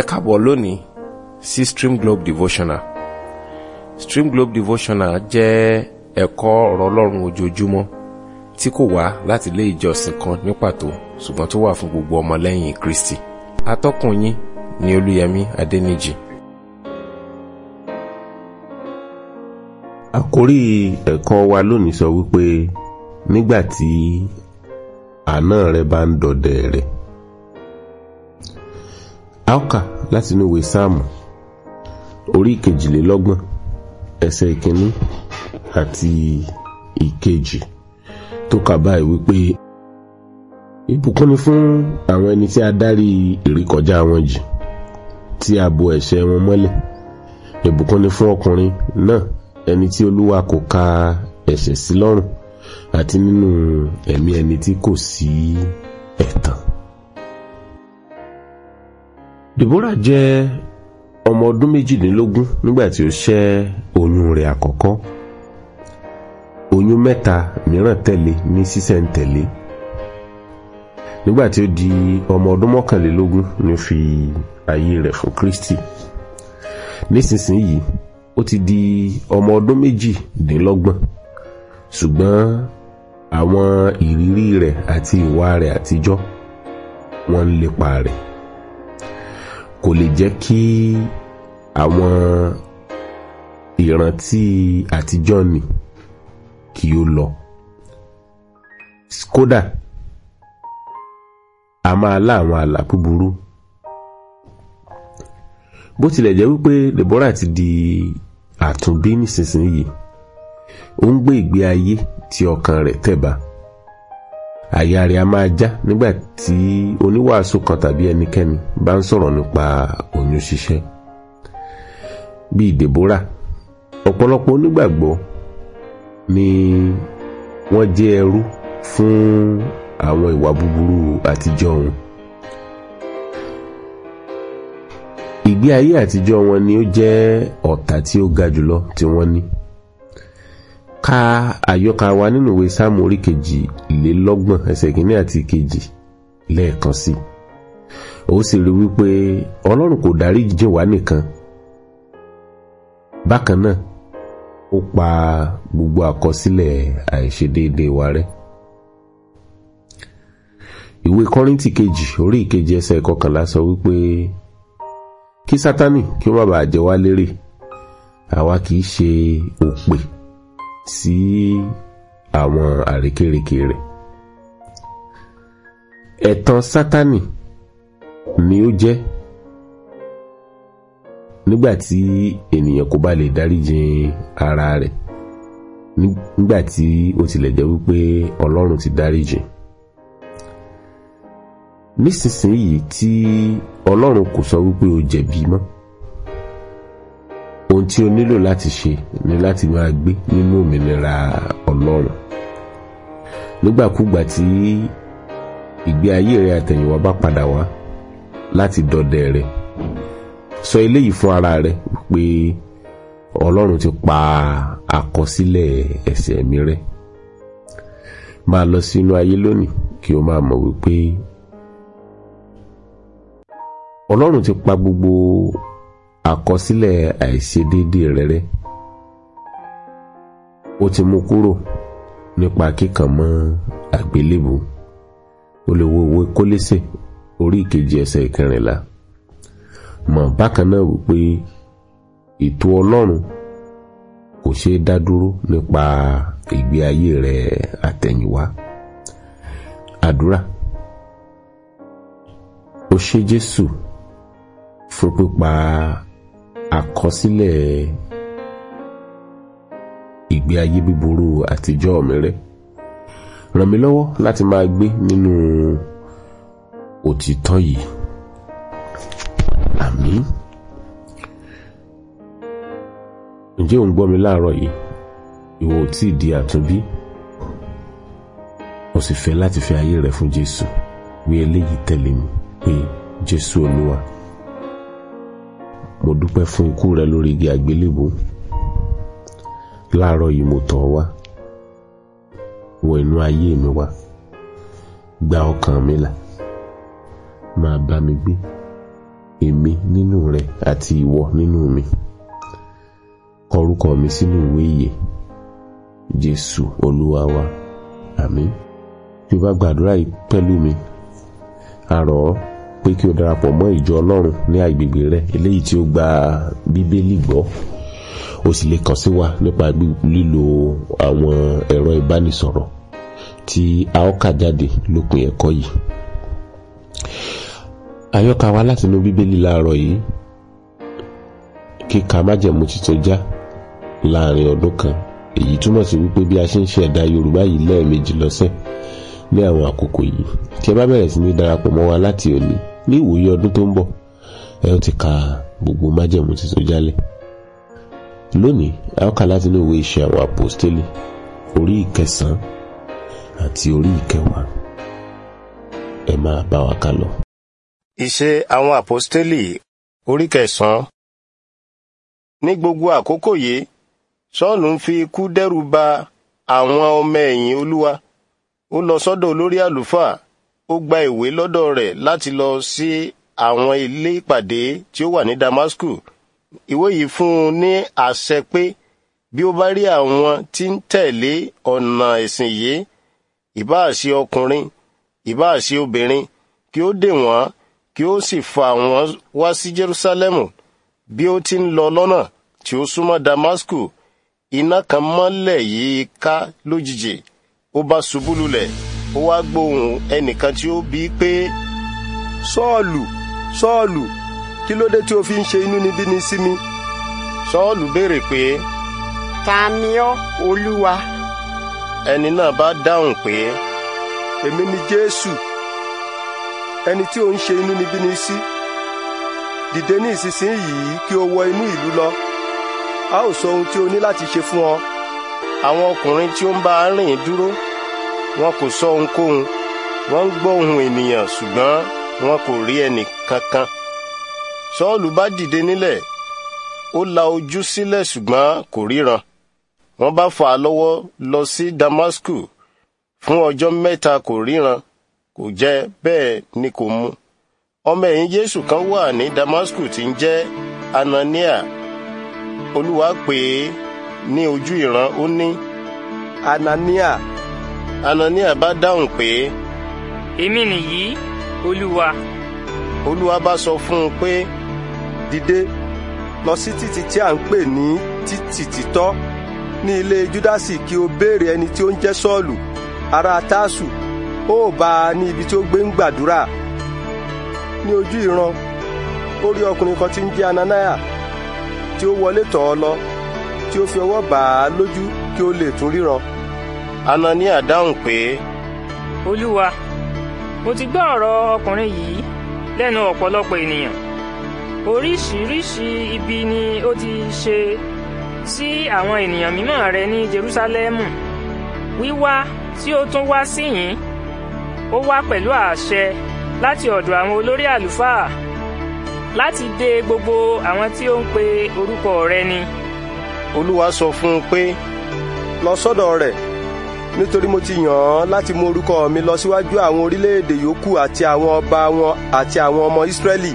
ẹ káàbọ̀ lónìí sí Stream Globe Devotional Stream Globe Devotional jẹ́ ẹ̀kọ́ ọ̀rọ̀ ọlọ́run ojoojúmọ́ tí kò wá láti ilé ìjọsìn kan ní pàtó ṣùgbọ́n tó wà fún gbogbo ọmọlẹ́yìn Kristi atọ́kùn yín ni Olúyẹmí Adẹ́nìjì. àkórí ẹ̀kọ́ wa lónìí sọ wípé nígbà tí àná rẹ bá ń dọdẹ rẹ a ó kà láti inú ìwé sáàmù orí kejìlélọ́gbọ̀n ẹsẹ̀ ìkíní àti ìkejì tó kà báyìí wípé ìbùkún ni fún àwọn ẹni tí a dárí ìrékọjá wọn jì tí a bo ẹ̀ṣẹ̀ wọn mọ́lẹ̀ ìbùkún ni fún ọkùnrin náà ẹni tí olúwa kò ka ẹ̀ṣẹ̀ sí lọ́rùn àti nínú ẹ̀mí ẹni tí kò sí ẹ̀tàn. Deborah jẹ́ ọmọ ọdún méjìdínlógún nígbà tí ó ṣẹ́ oyún rẹ̀ àkọ́kọ́ oyún mẹ́ta mìíràn tẹ̀lé ní sísẹ̀ntẹ̀lé nígbà tí ó di ọmọ ọdún mọ́kànlélógún ni ó fi ayé rẹ̀ fún Kristi nísinsìnyí ó ti di ọmọ ọdún méjìdínlọ́gbọ̀n ṣùgbọ́n àwọn ìrírí rẹ̀ àti ìwà rẹ̀ àtijọ́ wọ́n ń lépa rẹ̀ kò lè jẹ́ kí àwọn ìrántí àtijọ́ ni kí ó lọ kódà a máa lá àwọn àlá búburú bó tilẹ̀ jẹ́ wípé Deborah ti di àtúnbí nísinsìnyí ó ń gbé ìgbé ayé tí ọkàn rẹ̀ tẹ̀ba àyà rẹ̀ a máa já nígbà tí oníwàásù kan tàbí ẹnikẹ́ni bá ń sọ̀rọ̀ nípa oyún ṣíṣẹ́ bíi dèbóra ọ̀pọ̀lọpọ̀ onígbàgbọ́ ni wọ́n jẹ́ ẹrú fún àwọn ìwà búburú àtijọ́ wọn ìgbé ayé àtijọ́ wọn ni ó jẹ́ ọ̀tá tí ó ga jùlọ tí wọ́n ní ka àyọkà wa nínú ìwé sáàmù orí kejì lé lọ́gbọ̀n ẹsẹ̀ kìíní àti kejì lẹ́ẹ̀kan sí ó sì rí wípé ọlọ́run kò dárí jìn wá nìkan bákan náà ó pa gbogbo àkọsílẹ̀ àìṣedéédé wa rẹ́ ìwé kọ́ríntì kejì orí ìkejì ẹsẹ̀ kọkànlá sọ wípé kí sátánì kí ó má bàa jẹ wá lérè àwa kì í ṣe òpè sí àwọn àrékérekè rẹ̀ ẹ̀tàn sátánì ni ó jẹ́ nígbàtí ènìyàn kò bá lè dáríjìn ara rẹ̀ nígbàtí ó tilẹ̀ jẹ́ wípé ọlọ́run ti dáríjìn nísinsìnyí tí ọlọ́run kò sọ wípé o jẹ̀bi mọ́ ohun tí o nílò láti ṣe ni láti máa gbé nínú òmìnira ọlọ́run nígbàkúgbà tí ìgbé ayé rẹ àtẹ̀yìnwá bá padà wá láti dọdẹ rẹ sọ eléyìí fún ara rẹ pé ọlọ́run ti pa àkọsílẹ̀ ẹ̀ṣẹ̀ mi rẹ́ máa lọ sínú ayé lónìí kí o máa mọ̀ wípé ọlọ́run ti pa gbogbo àkọsílẹ̀ àìṣedéédéé rẹ́rẹ́ ó ti mú kúrò nípa kíkàn mọ́ àgbélébù ó lè wo ìwé kólésè orí ìkejì ẹsẹ̀ ìkẹrìnlá mọ̀ bákan náà wípé ètò ọlọ́run kò ṣeé dá dúró nípa ìgbé ayé rẹ̀ àtẹ̀yìnwá àdúrà ó ṣe Jésù fún pípa àkọsílẹ̀ ìgbé ayé búburú àtijọ́ mi rẹ́ ràn mí lọ́wọ́ láti máa gbé nínú òtítọ́ yìí àmín ǹjẹ́ ò ń gbọ́ mi láàárọ̀ yìí ìwọ ò tí ì di àtúnbí o sì fẹ́ láti fi ayé rẹ fún Jésù wí eléyìí tẹ̀lé mi pé Jésù Olúwa mo dúpẹ́ fún ikú rẹ lórí igi àgbélébùú láàárọ̀ yìí mo tọ̀ ọ́ wá wọ inú ayé mi wá gba ọkàn mi là máa bá mi gbé èmi nínú rẹ àti ìwọ nínú mi kọ mi sínú ìwé ìyè Jésù Olúwa wa tí o bá gbàdúrà yìí pẹ̀lú mi àrọ̀ ọ́ pé kí o darapọ̀ mọ́ ìjọ ọlọ́run ní agbègbè rẹ eléyìí tí ó gba bíbélì gbọ́ o sì lè kàn sí wa nípa lílo àwọn ẹ̀rọ ìbánisọ̀rọ̀ tí a ó kà jáde lópin ẹ̀kọ́ yìí àyọkà wa látinú bíbélì láàárọ̀ yìí kíka májẹ̀mú títọ́ já láàrin ọdún kan èyí túmọ̀ sí wípé bí a ṣe ń ṣe ẹ̀dà yorùbá yìí lẹ́ẹ̀mejì lọ́sẹ̀ ní àwọn àkókò yìí tí ẹ bá bẹ̀rẹ̀ sí ní darapọ̀ mọ́ wa láti òní ní ìwòye ọdún tó ń bọ̀ ẹ ó ti ka gbogbo májẹ̀mú títún jálẹ̀ lónìí a ó kà láti inú ìwé iṣẹ́ àwọn àpòstélì orí ìkẹsàn-án àti orí ìkẹwàá ẹ máa bá wa ká lọ. ìṣe àwọn àpòstélì orí kẹsàn-án ní gbogbo àkókò yìí sọ́ọ̀nù ń fi ikú dẹ́rù ba àwọn ọmọ ẹ̀yìn olúwa ó lọ sọ́dọ̀ olórí àlùfáà ó gba ìwé lọ́dọ̀ rẹ̀ láti lọ sí àwọn ilé ìpàdé tí ó wà ní Damasku ìwé yìí fún un ní àṣẹ pé bí ó bá rí àwọn tí ń tẹ̀lé ọ̀nà ẹ̀sìn yìí ìbáà ṣe ọkùnrin ìbáà ṣe obìnrin kí ó dè wọ́n kí ó sì fa wọ́n wá sí Jerúsálẹ́mù bí ó ti ń lọ lọ́nà tí ó súnmọ́ Damasku iná kan mọ́lẹ̀ yìí ká lójijì ó bá ṣubú lulẹ̀ ó wá gbóhùn ẹnìkan tí ó bi í pé sọ́ọ̀lù sọ́ọ̀lù kí ló dé tí o fi ń ṣe inúnibíni sí mi sọ́ọ̀lù béèrè pé. ta ni ọ́ olúwa. ẹni náà bá dáhùn pé èmi ni jésù ẹni tí o ń ṣe inúnibíni sí dìde ní ìsinsìnyí kí o wọ inú ìlú lọ a ó sọ ohun tí o ní láti ṣe fún ọ àwọn ọkùnrin tí ó ń bá a rìn dúró wọn kò sọ ohunkóhun wọ́n ń gbọ ohùn ènìyàn ṣùgbọn wọn kò rí ẹnì kankan sọ́ọ̀lù bá dìde nílẹ̀ ó la ojú sílẹ̀ ṣùgbọn kò ríran wọn bá fà á lọwọ lọ sí Damasku fún ọjọ mẹta kò ríran kò jẹ bẹẹ ni kò mu ọmọ ẹ̀yìn Jésù kan wà ní Damasku ti ń jẹ́ Anania Olúwa pè é ní ojú ìran ó ní Anania. anania bá dáhùn pé. èmi nìyí olúwa. olúwa bá sọ fún un pé dìde lọ sí títì tí a ń pè ní títì títọ́ ní ilé júdásì kí o béèrè ẹni tí ó ń jẹ́ sọ́ọ̀lù ará tásù ó bá a ní ibi tí ó gbé ń gbàdúrà ní ojú ìran ó rí ọkùnrin kan tí ń jẹ́ ananaya tí ó wọlé tọ̀ ọ́ lọ tí ó fi ọwọ́ bà á lójú kí ó lè tún ríran anania dáhùn pé. olúwa mo ti gbọ́ ọ̀rọ̀ ọkùnrin yìí lẹ́nu ọ̀pọ̀lọpọ̀ ènìyàn oríṣiríṣi ibi ni ó ti ṣe sí àwọn ènìyàn mímọ́ rẹ ní jerúsálẹ́mù wíwá tí ó tún wá síyìn ó wá pẹ̀lú àṣẹ láti ọ̀dọ̀ àwọn olórí àlùfáà láti dè gbogbo àwọn tí ó ń pe orúkọ rẹ ni. olúwa sọ fún un pé lọ sọ́dọ̀ rẹ̀ nítorí mo ti yàn án láti mú orúkọ mi lọ síwájú àwọn orílẹ̀-èdè yòókù àti àwọn ọba wọn àti àwọn ọmọ Ísírẹ́lì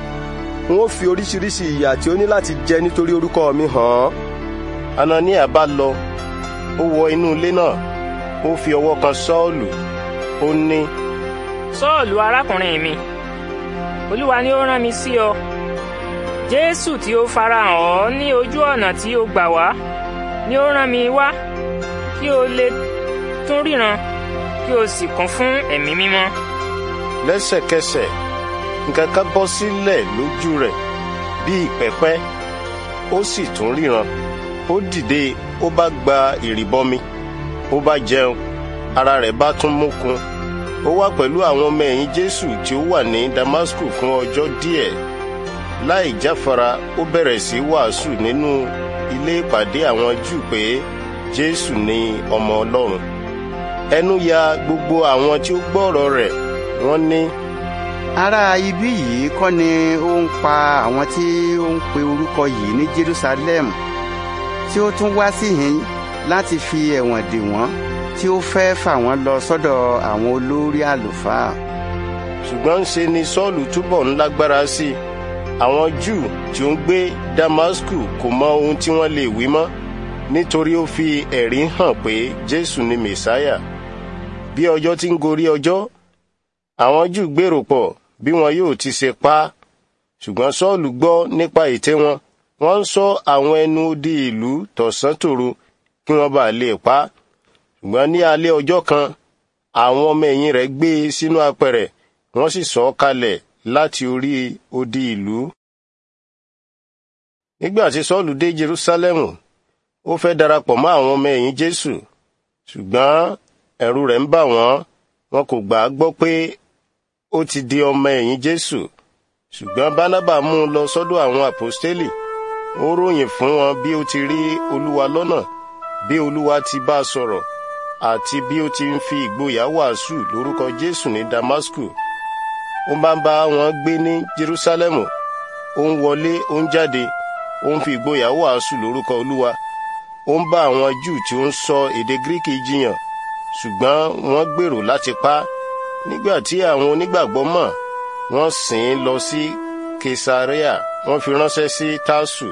n ó fi oríṣiríṣi ìyà tí ó ní láti jẹ nítorí orúkọ mi hàn án. Anania bá lọ ó wọ inú ilé náà ó fi ọwọ́ kan Sọ́ọ̀lù ó ní. Sọ́ọ̀lù arákùnrin mi Olúwa ni ó rán mi sí ọ Jésù tí ó farahàn ọ́ ní ojú ọ̀nà tí ó gbà wá ni ó rán mi wá kí o lè tún ríran kí o sì kún fún ẹ̀mí mímọ́. lẹ́sẹ̀kẹsẹ̀ nǹkan kan bọ́ sílẹ̀ lójú rẹ̀ bíi pẹ́pẹ́ ó sì tún ríran ó dìde ó bá gba ìrìbọmi ó bá jẹun ara rẹ̀ bá tún mókun ó wà pẹ̀lú àwọn ọmọ ẹ̀yìn jésù tí ó wà ní damasku fún ọjọ́ díẹ̀ láì jáfara ó bẹ̀rẹ̀ sí wàásù nínú ilé ìpàdé àwọn júù pé jésù ni ọmọ ọlọ́run ẹnu ya gbogbo àwọn tí ó gbọ́rọ̀ rẹ̀ wọ́n ní. ará ibi yìí kọ́ ni ó ń pa àwọn tí ó ń pe orúkọ yìí ní Jerusalem tí ó tún wá síhìn láti fi ẹ̀wọ̀n dè wọ́n tí ó fẹ́ fà wọ́n lọ sọ́dọ̀ àwọn olórí àlùfáà. ṣùgbọ́n ṣe ni Sọ́ọ̀lù túbọ̀ ń lágbára sí i àwọn Júù tí ó ń gbé Damasku kò mọ ohun tí wọ́n lè wí mọ́ nítorí ó fi ẹ̀rí hàn pé Jésù ni Mèsáyà bí ọjọ́ ti ń gorí ọjọ́ àwọn Júù gbèrò pọ̀ bí wọn yóò ti ṣe pa ṣùgbọ́n Sọ́ọ̀lù gbọ́ nípa ète wọn wọ́n ń sọ àwọn ẹnu di ìlú tọ̀sán tòru kí wọ́n bá lè pa á ṣùgbọ́n ní alẹ́ ọjọ́ kan àwọn ọmọ ẹ̀yìn rẹ̀ gbé e sínú apẹ̀rẹ̀ wọ́n sì sọ kalẹ̀ láti orí odi ìlú. nígbà tí Sọ́ọ̀lù dé Jerúsálẹ́mù ó fẹ́ darapọ̀ mọ́ àwọn ọmọ ẹ̀yìn Jésù ṣùgbọ́n ẹ̀rù rẹ̀ ń bà wọ́n wọn kò gbà á gbọ́ pé ó ti di ọmọ ẹ̀yìn Jésù ṣùgbọ́n Bánábà mú un lọ sọ́dọ̀ àwọn àpọ́stélì ó ròyìn fún wọn bí ó ti rí Olúwa lọ́nà bí Olúwa ti bá a sọ̀rọ̀ àti bí ó ti ń fi ìgboyà wàásù lórúkọ Jésù ní Damasku ó máa ń bá wọn gbé ní Jerúsálẹ́mù ó ń wọlé ó ń jáde ó ń fi ìgboyà wàásù lórúkọ Olúwa ó ń bá àwọn Júù tí ó ń sọ èdè Gíríkì jiyàn ṣùgbọ́n wọ́n gbèrò láti pa á nígbà tí àwọn onígbàgbọ́ mọ̀ wọ́n sìn ín lọ sí kesarea wọ́n fi ránṣẹ́ sí tasu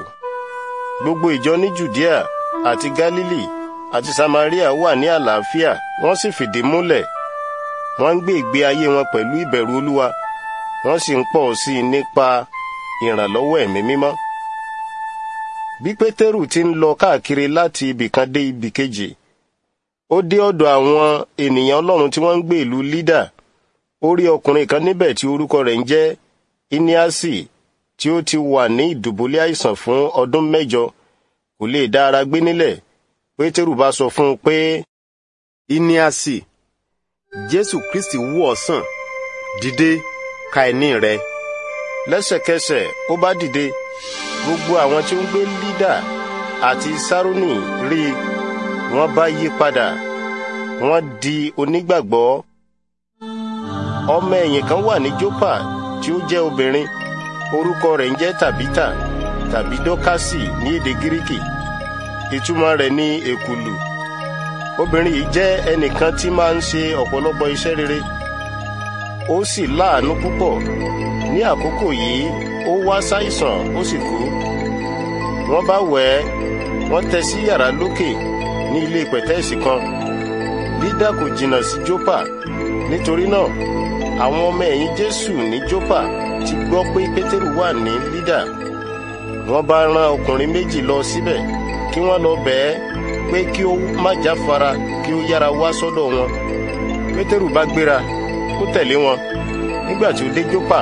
gbogbo ìjọ ní judea àti galili àti samaria wà ní àlàáfíà wọ́n sì fìdí múlẹ̀ wọ́n ń gbé ìgbé ayé wọn pẹ̀lú ìbẹ̀rù olúwa wọ́n sì ń pọ̀ sí i nípa ìrànlọ́wọ́ ẹ̀mí mímọ́ bí pétérù ti ń lọ káàkiri láti ibì kan dé ibì kejì ó dé ọ̀dọ̀ àwọn ènìyàn ọlọ́run tí wọ́n ń gbé ìlú lídà ó rí ọkùnrin kan níbẹ̀ tí orúkọ rẹ̀ ń jẹ́ iniasi tí ó ti wà ní ìdùbúlẹ̀ àìsàn fún ọdún mẹ́jọ kò lè dá ara gbé nílẹ̀ pétérù bá sọ fún un pé. iniasi jésù kristi wò ọ́ sàn dìde ka ẹní rẹ. lẹ́sẹ̀kẹsẹ̀ ó bá dìde gbogbo àwọn tí ó ń gbé lídà àti sárúnì rí i wọ́n bá yí padà wọ́n di onígbàgbọ́. ọmọ ẹ̀yìn kan wà ní Jópa tí ó jẹ́ obìnrin orúkọ rẹ̀ ń jẹ́ tàbítà tàbí dọ́kásì ní èdè gíríkì ìtumọ̀ rẹ̀ ní èkùlù obìnrin yìí jẹ́ ẹnìkan tí máa ń ṣe ọ̀pọ̀lọpọ̀ iṣẹ́ rere ó sì láàánú púpọ̀ ní àkókò yìí ó wá ṣàìsàn ó sì kú wọ́n bá wẹ̀ ẹ́ wọ́n tẹ́ sí yàrá lókè. Okay ní ilé pẹ̀tẹ́ẹ̀sì kan lídà kò jìnnà sí jópa nítorí náà àwọn ọmọ ẹ̀yìn jésù ní jópa ti gbọ́ pé pétérù wà ní lídà wọ́n bá rán ọkùnrin méjì lọ síbẹ̀ kí wọ́n lọ bẹ̀ ẹ́ pé kí ó má jáfara kí ó yára wá sọ́dọ̀ wọn pétérù bá gbéra ó tẹ̀lé wọn nígbà tí ó dé jópa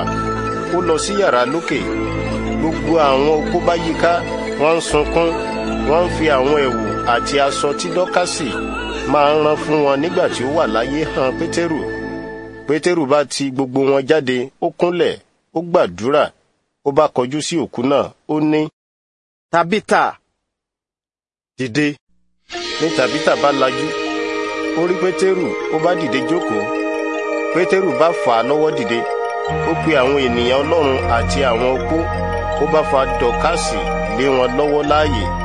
ó lọ sí yàrá lókè gbogbo àwọn opó bá yíká wọ́n ń sunkún wọ́n ń fi àwọn ẹ̀wù àti aṣọ tí dọ́kásì máa ń rán fún wọn nígbà tí ó wà láyé hàn pétérù pétérù bá ti gbogbo wọn jáde ó kúnlẹ̀ ó gbàdúrà ó bá kọjú sí òkú náà ó ní. tabita dìde ní tabita bá lajú ó rí pétérù ó bá dìde jókòó pétérù bá fà á lọ́wọ́ dìde ó pe àwọn ènìyàn ọlọ́run àti àwọn opó ó bá fa dọ̀kásì lé wọn lọ́wọ́ láàyè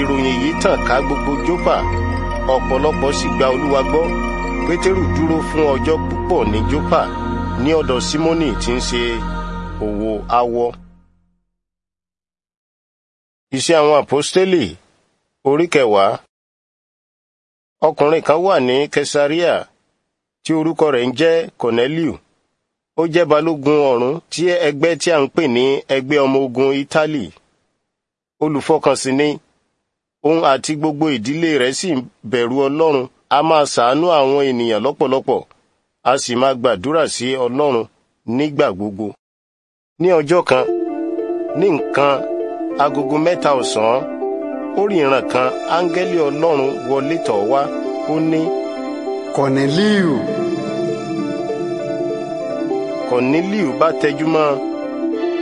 ìròyìn yìí tàn ká gbogbo joppa ọ̀pọ̀lọpọ̀ sì gba olúwa gbọ́ pétérù dúró fún ọjọ́ púpọ̀ ní joppa ní ọ̀dọ̀ símónì tí ń ṣe òwò awọ. iṣẹ́ àwọn àpọ́stélì orí kẹwàá ọkùnrin kan wà ní kẹsàríà tí orúkọ rẹ̀ ń jẹ́ corneliu ó jẹ́ balógun ọ̀rún tí ẹgbẹ́ tí a ń pè ní ẹgbẹ́ ọmọ ogun ítálì olùfọkànsìn ni òun àti gbogbo ìdílé rẹ̀ sì ń bẹ̀rù ọlọ́run a máa ṣàánú àwọn ènìyàn lọ́pọ̀lọpọ̀ a sì máa gbàdúrà sí ọlọ́run nígbà gbogbo. ní ọjọ́ kan ní nǹkan agogo mẹ́ta ọ̀sán ó rí ìran kan áńgẹ́lì ọlọ́run wọlé tọ̀ wá ó ní. kọ̀nílíù. kọ̀nílíù bá tẹjú mọ́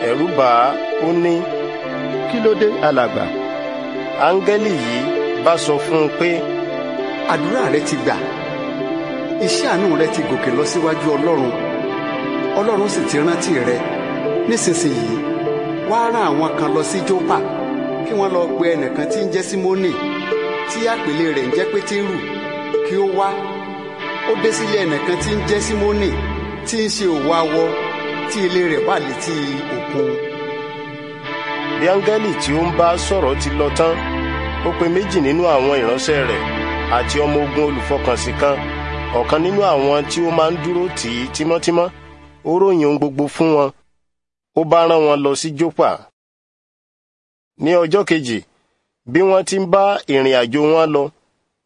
ẹ̀rù bà á ó ní. kí ló dé alàgbà áńgẹ́lì yìí bá sọ fún un pé. àdúrà rẹ ti gbà iṣẹ́ àánú rẹ ti gòkè lọ síwájú ọlọ́run ọlọ́run sì ti rántí rẹ nísinsìnyí wá rán àwọn kan lọ sí jópa kí wọ́n lọ pe ẹnìkan tí ń jẹ́ símónì tí àpèlé rẹ̀ ń jẹ́ pétérù kí ó wá ó dé sílé ẹnìkan tí ń jẹ́ símónì tí ń ṣe òwò awọ tí ilé rẹ̀ wà létí òkun tàbí áńgẹ́lì tí ó ń bá sọ̀rọ̀ ti lọ tán ó pe méjì nínú àwọn ìránṣẹ́ rẹ̀ àti ọmọ ogun olùfọkànsìn kan ọ̀kan nínú àwọn tí ó máa ń dúró tì í tímọ́tímọ́ ó ròyìn ohun gbogbo fún wọn ó bá rán wọn lọ sí jópa ní ọjọ́ kejì bí wọ́n ti ń bá ìrìn àjò wọn lọ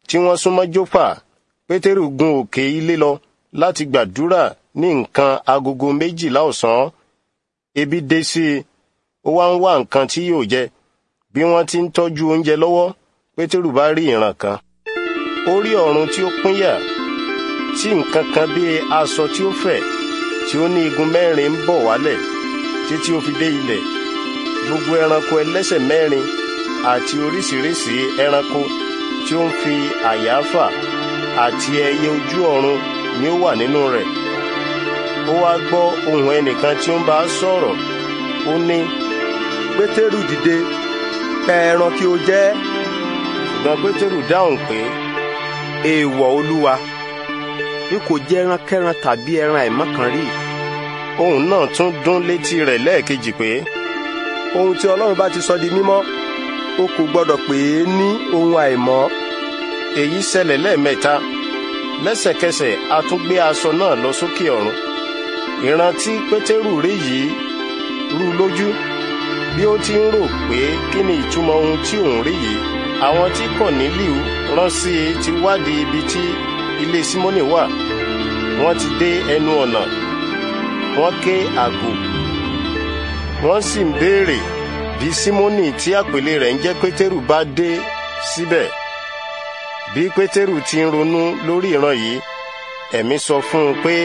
tí wọ́n súnmọ́ jópa pétérù gun òkè ilé lọ láti gbàdúrà ní nǹkan agogo méjìlá ọ̀sán ebi dé sí i ó wá ń wá nǹkan tí yóò jẹ bí wọ́n ti ń tọ́jú oúnjẹ lọ́wọ́ pétérù bá rí ìran kan ó rí ọ̀run tí ó pínyà tí nǹkan kan bíi aṣọ tí ó fẹ̀ tí ó ní igun mẹ́rin ń bọ̀ wálẹ̀ títí ó fi dé ilẹ̀ gbogbo ẹranko ẹlẹ́sẹ̀ mẹ́rin àti oríṣiríṣi ẹranko tí ó ń fi àyà fà àti ẹyẹ ojú ọ̀run ni ó wà nínú rẹ̀ ó wá gbọ́ ohùn ẹnìkan tí ó ń bá a ó ní pétérù dìde pẹ ẹran kí o jẹ ṣùgbọ́n pétérù dáhùn pé èèwọ̀ olúwa bí kò jẹ ẹran kẹran tàbí ẹran àìmọ́kan rí náà tún dún létí rẹ̀ lẹ́ẹ̀kejì pé ohun tí ọlọ́run bá ti sọ di mímọ́ o kò gbọdọ̀ pè é ní ohun àìmọ́ èyí ṣẹlẹ̀ lẹ́ẹ̀mẹ́ta lẹ́sẹ̀kẹsẹ̀ a aṣọ náà lọ sókè ọ̀run ìran pétérù rí yìí rú lójú bí ó ti ń rò pé kí ni ìtumọ̀ ohun tí òun rí yìí àwọn tí Kọ̀nílíù rán sí i ti wádìí ibi tí ilé Símónì wà wọ́n ti dé ẹnu ọ̀nà wọ́n ké àgò wọ́n sì ń béèrè bí Símónì tí àpèlé rẹ̀ ń jẹ́ Pétérù bá dé síbẹ̀ bí Pétérù ti ń ronú lórí ìran yìí ẹ̀mí sọ fún un pé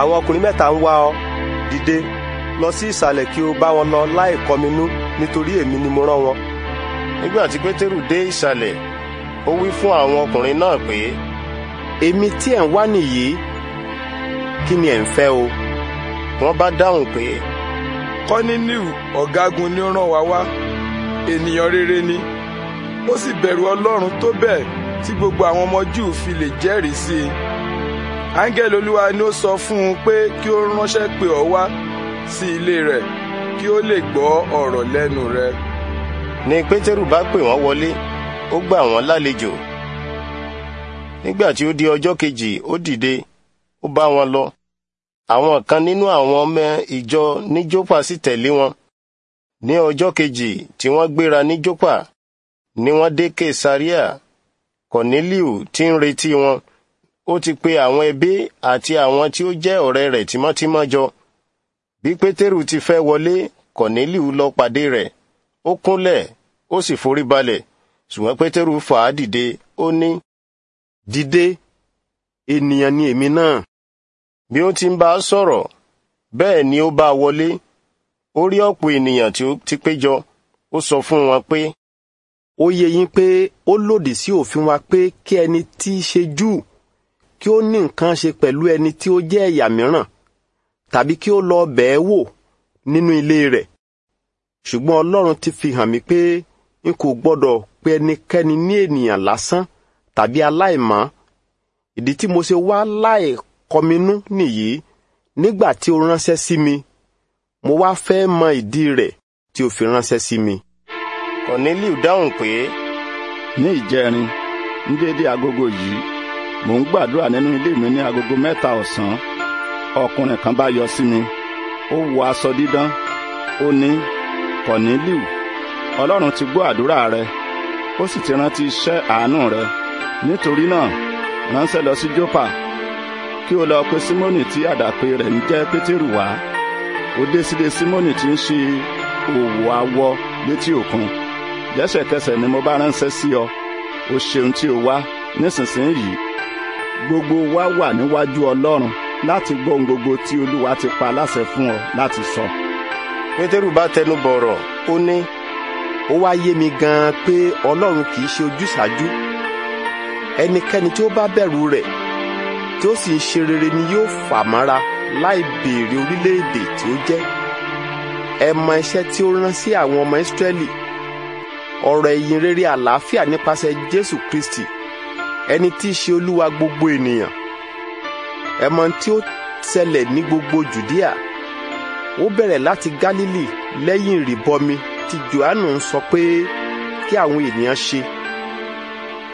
àwọn ọkùnrin mẹ́ta ń wá ọ dìde lọ sí ìsàlẹ̀ kí o bá wọn lọ láì kọminú nítorí èmi ni mo rán wọn. nígbà tí pétérù dé ìsàlẹ̀ ó wí fún àwọn ọkùnrin náà pé. èmi tí ẹ̀ ń wá nìyí kí ni ẹ̀ ń fẹ́ o. wọ́n bá dáhùn pé. kọ́níníù ọ̀gágun ni ó rán wa wá ènìyàn rere ni ó sì bẹ̀rù ọlọ́run tó bẹ́ẹ̀ tí gbogbo àwọn ọmọ júù fi lè jẹ́rìí sí i áńgẹ́lì olúwa ni ó sọ fún un pé kí ó ránṣẹ́ pè ọ́ wá sí ilé rẹ̀ kí ó lè gbọ́ ọ̀rọ̀ lẹ́nu rẹ. ni pétérù bá pè wọ́n wọlé ó gbà wọ́n lálejò nígbà tí ó di ọjọ́ kejì ó dìde ó bá wọn lọ àwọn kan nínú àwọn ọmọ ìjọ ní jópa sì tẹ̀lé wọn ní ọjọ́ kejì tí wọ́n gbéra ní jópa ni wọ́n dé kesaria kọ̀nílíù tí ń retí wọn ó ti pe àwọn ẹbí àti àwọn tí ó jẹ́ ọ̀rẹ́ rẹ̀ tímọ́tímọ́ jọ bí pétérù ti fẹ́ wọlé kọ̀nílìú lọ pàdé rẹ̀ ó kúnlẹ̀ ó sì forí balẹ̀ ṣùgbọ́n pétérù fà á dìde ó ní dìde ènìyàn ni èmi náà bí ó ti ń bá a sọ̀rọ̀ bẹ́ẹ̀ ni ó bá a wọlé ó rí ọ̀pọ̀ ènìyàn tí ó ti péjọ ó sọ fún wọn pé ó yé yín pé ó lòdì sí òfin wa pé kí ẹni tí ṣe Júù kí ó ní nǹkan ṣe pẹ̀lú ẹni tí ó jẹ́ ẹ̀yà mìíràn tàbí kí ó lọ bẹ̀ẹ́ wò nínú ilé rẹ̀ ṣùgbọ́n ọlọ́run ti fi hàn mí pé n kò gbọ́dọ̀ pe ẹnikẹ́ni ní ènìyàn lásán tàbí aláìmọ́ ìdí tí mo ṣe wá láì kọminú nìyí nígbà tí o ránṣẹ́ sí mi mo wá fẹ́ mọ ìdí rẹ̀ tí o fi ránṣẹ́ sí mi. Corneliu dáhùn pé. ní ìjẹrin ní déédéé agogo yìí mò ń gbàdúrà nínú ilé mi ní agogo mẹ́ta ọ̀sán ọkùnrin kan bá yọ sí mi ó wọ aṣọ dídán ó ní Kọ̀nílíù ọlọ́run ti gbọ́ àdúrà rẹ ó sì ti rántí iṣẹ́ àánú rẹ nítorí náà ránṣẹ́ lọ sí Jópa kí o lọ pe Símónì tí àdàpè rẹ̀ ń jẹ́ Pétérù wá ó dé sílé Símónì tí ń ṣe òwò awọ létí òkun jẹ́sẹ̀kẹsẹ̀ ni mo bá ránṣẹ́ sí ọ o ṣeun tí o wá nísinsìnyí gbogbo wa wà níwájú Ọlọ́run láti gbọ́ ohun gbogbo tí olúwa ti pa láṣẹ fún ọ láti sọ. pétérù bá tẹnu bọ̀rọ̀ ó ní ó wá yé mi gan-an pé ọlọ́run kì í ṣe ojúsàájú ẹnikẹ́ni tí ó bá bẹ̀rù rẹ̀ tí ó sì ń ṣe rere ni yóò fà mára láì béèrè orílẹ̀-èdè tí ó jẹ́ ẹ iṣẹ́ tí ó rán sí àwọn ọmọ ìsírẹ́lì ọ̀rọ̀ ìyìn rere àlàáfíà nípasẹ̀ jésù kristi ẹni tí í ṣe olúwa gbogbo ènìyàn ẹ mọ tí ó ṣẹlẹ̀ ní gbogbo Jùdíà ó bẹ̀rẹ̀ láti Gálílì lẹ́yìn ìrìbọmi tí Jòhánù ń sọ pé kí àwọn ènìyàn ṣe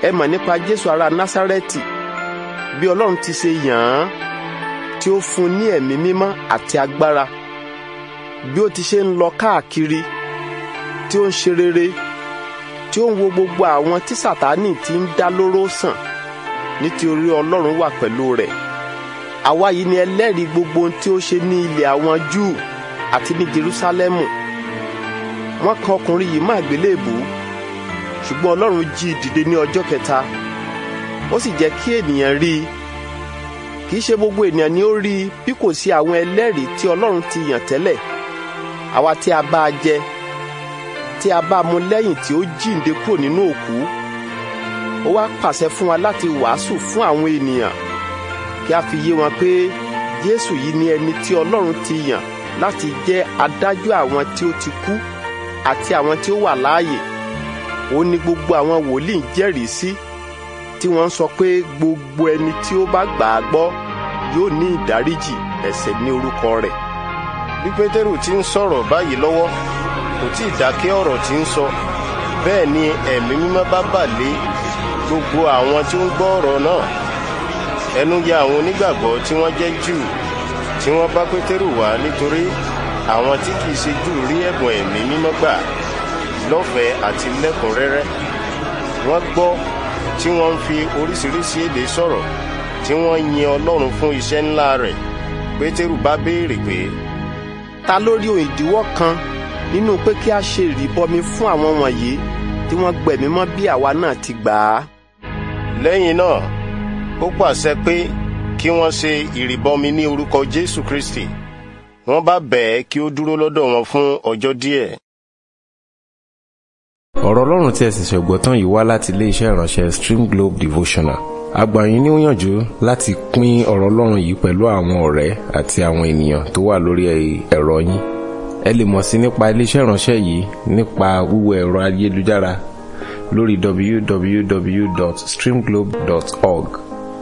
ẹ mọ̀ nípa Jésù ará Násárẹ́tì bí Ọlọ́run ti ṣe yàn án tí ó fún ní ẹ̀mí mímọ́ àti agbára bí ó ti ṣe ń lọ káàkiri tí ó ń ṣe rere tí ó ń wo gbogbo àwọn tí Sátánì ti ń dá lóró sàn nítorí Ọlọ́run wà pẹ̀lú rẹ̀ àwa yìí ni ẹlẹ́rìí gbogbo ohun tí ó ṣe ní ilẹ̀ àwọn Júù àti ní Jerúsálẹ́mù wọ́n kan ọkùnrin yìí mọ́ àgbélébùú ṣùgbọ́n Ọlọ́run jí i ní ọjọ́ kẹta ó sì jẹ́ kí ènìyàn rí i kì í ṣe gbogbo ènìyàn ni ó rí i bí kò sí àwọn ẹlẹ́rìí tí Ọlọ́run ti yàn tẹ́lẹ̀ àwa tí a bá a jẹ tí a bá a mu lẹ́yìn tí ó jíǹde kúrò nínú òkú ó wá pàṣẹ fún wa láti wàásù fún àwọn ènìyàn kí a fi yé wọn pé Jésù yìí ni ẹni tí Ọlọ́run ti yàn láti jẹ́ adájọ́ àwọn tí ó ti kú àti àwọn tí ó wà láàyè ó ní gbogbo àwọn wòlíì ń jẹ́rìí sí tí wọ́n ń sọ pé gbogbo ẹni tí ó bá gbà á gbọ́ yóò ní ìdáríjì ẹ̀ṣẹ̀ ní orúkọ rẹ̀. bí pétérù ti ń sọ̀rọ̀ báyìí lọ́wọ́ kò tí ì dákẹ́ ọ̀rọ̀ tí ń sọ bẹ́ẹ̀ ni ẹ̀mí mímọ́ bá bà lé gbogbo àwọn tí ó ń gbọ́ ọ̀rọ̀ náà ẹnu ya àwọn onígbàgbọ́ tí wọ́n jẹ́ jù tí wọ́n bá pétérù wá nítorí àwọn tí kìí ṣe jù rí ẹ̀bùn ẹ̀mí mímọ́ gbà lọ́fẹ̀ẹ́ àti lẹ́kùnrẹ́rẹ́ wọ́n gbọ́ tí wọ́n ń fi oríṣiríṣi èdè sọ̀rọ̀ tí wọ́n yin ọlọ́run fún iṣẹ́ ńlá rẹ̀ pétérù bá béèrè pé. ta ló rí ìdíwọ́ kan nínú pé kí a ṣe ìrìbọmi fún àwọn wọ̀nyí tí wọ́n gbẹ̀mí mọ́ bí àwa náà ti gbà á. lẹ́yìn náà ó pàṣẹ pé kí wọ́n ṣe ìrìbọmi ní orúkọ Jésù Kristi wọ́n bá bẹ̀ kí ó dúró lọ́dọ̀ wọn fún ọjọ́ díẹ̀. ọ̀rọ̀ ọlọ́run tí ẹ sì ṣẹ̀gbọ́ tán yìí wá láti iléeṣẹ́ ìránṣẹ́ Stream Globe Devotional agbanyin ní òyànjú láti pín ọ̀rọ̀ ọlọ́run yìí pẹ̀lú àwọn ọ̀rẹ́ àti àwọn ènìyàn tó wà lórí ẹ̀rọ yín ẹ lè mọ̀ sí nípa iléeṣẹ́ ìránṣẹ́ yìí nípa wíwọ ẹ̀rọ ayélujára lórí www.streamglobe.org